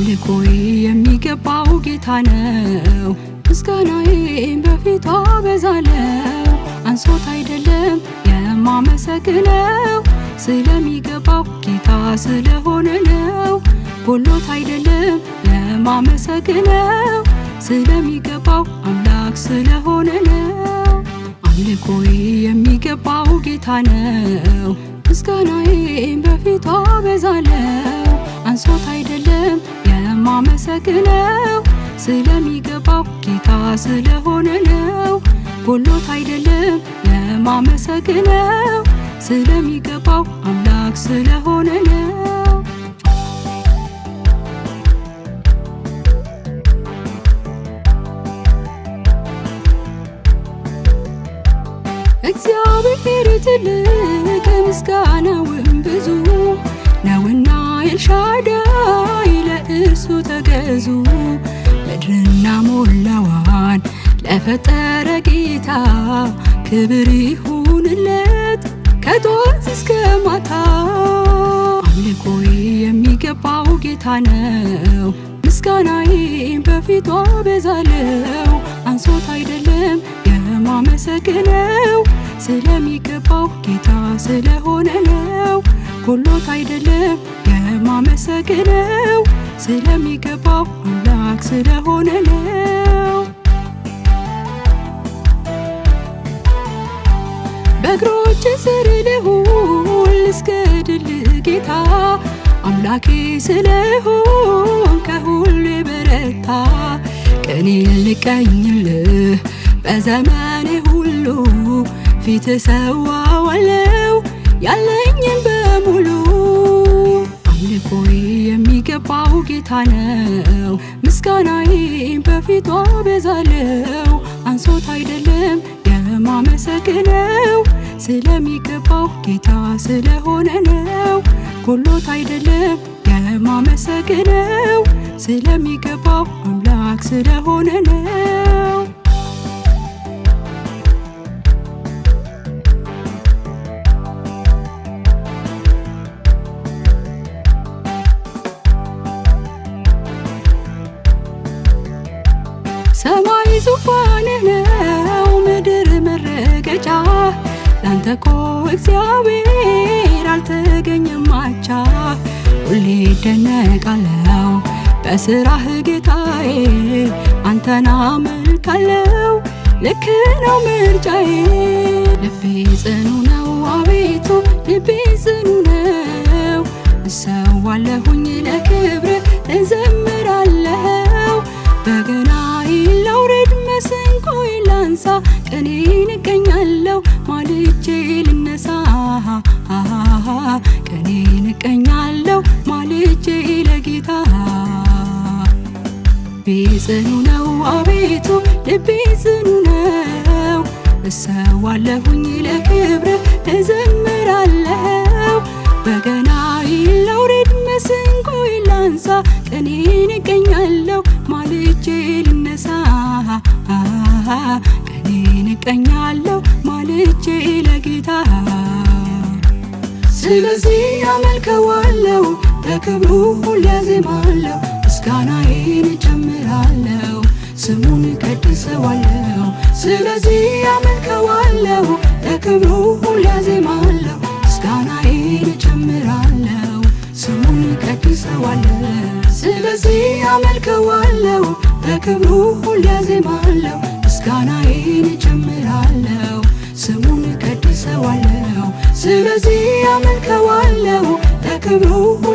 አምልኮ የሚገባው ጌታ ነው። ምስጋናዬን በፊቱ አበዛለው። አንሶት አይደለም የማመሰግነው ስለሚገባው ጌታ ስለሆነ ነው። ቦሎት አይደለም የማመሰግነው ስለሚገባው አምላክ ስለሆነ ነው። አምልኮዬ የሚገባው ጌታ ነው። ምስጋናዬን በፊቱ አበዛለው የማመሰግነው ስለሚገባው ጌታ ስለሆነ ነው። ቦሎት አይደለም ለማመሰግነው ስለሚገባው አምላክ ስለሆነ ነው። እግዚአብሔር ትልቅ ምስጋናውም ብዙ ነውና ኤልሻዳይ እርሱ ተገዙ። ምድርና ሞላዋን ለፈጠረ ጌታ ክብር ይሁንለት ከጧት እስከ ማታ። አምልኮዬ የሚገባው ጌታ ነው፣ ምስጋናዬን በፊቱ አበዛለው። አንሶት አይደለም የማመሰግነው ስለሚገባው ጌታ ስለሆነ ነው። ጎሎት አይደለም የማመሰግነው ስለሚገባው አምላክ ስለሆነ ነው። በእግሮች ስር ልሁን ልስገድል ጌታ አምላኬ ስለሆን ከሁሉ የበረታ ቀኔ ልቀኝል በዘመኔ ሁሉ ፊት ሰዋዋለው ያለኝን በሙሉ አምልኮ የሚገባው ጌታ ነው። ምስጋናዬ በፊቱ አበዛለው። አንሶት አይደለም የማመሰግነው ስለሚገባው ጌታ ስለሆነ ነው። ጎሎት አይደለም የማመሰግነው ስለሚገባው አምላክ ስለሆነ ነው። ተኮ እግዚአብሔር አልተገኘም አቻ። ሁሌ እደነቃለሁ በስራህ ጌታዬ፣ አንተን አመልካለሁ ልክ ነው ምርጫዬ። ልቤ ጽኑ ነው አቤቱ ልቤ ጽኑ ነው እሰዋለሁኝ ጌታ ቢጽኑ ነው አቤቱ ልቤ ጽኑ ነው። እሰዋለሁኝ ለክብረ እዘምራለሁ። በገና ይላውሬድ መስንቆ ይላንሳ ቀኔን እቀኛለሁ ማልጄ ልነሳ ቀኔን እቀኛለሁ ማልጄ ለጌታ ስለዚህ አመልከዋለሁ ለክብሩ አዜማለሁ፣ ምስጋናዬን እጨምራለሁ፣ ስሙን እቀድሰዋለሁ፣ ስለዚህ አመልከዋለሁ። ለክብሩ ሁሌ አዜማለሁ፣ ምስጋናዬን እጨምራለሁ፣ ስሙን እቀድሰዋለሁ፣ ስለዚህ አመልከዋለሁ። ለክብሩ ሁሌ አዜማለሁ፣ ምስጋናዬን እጨምራለሁ፣ ስሙን እቀድሰዋለሁ፣ ስለዚህ አመልከዋለሁ ለክብሩ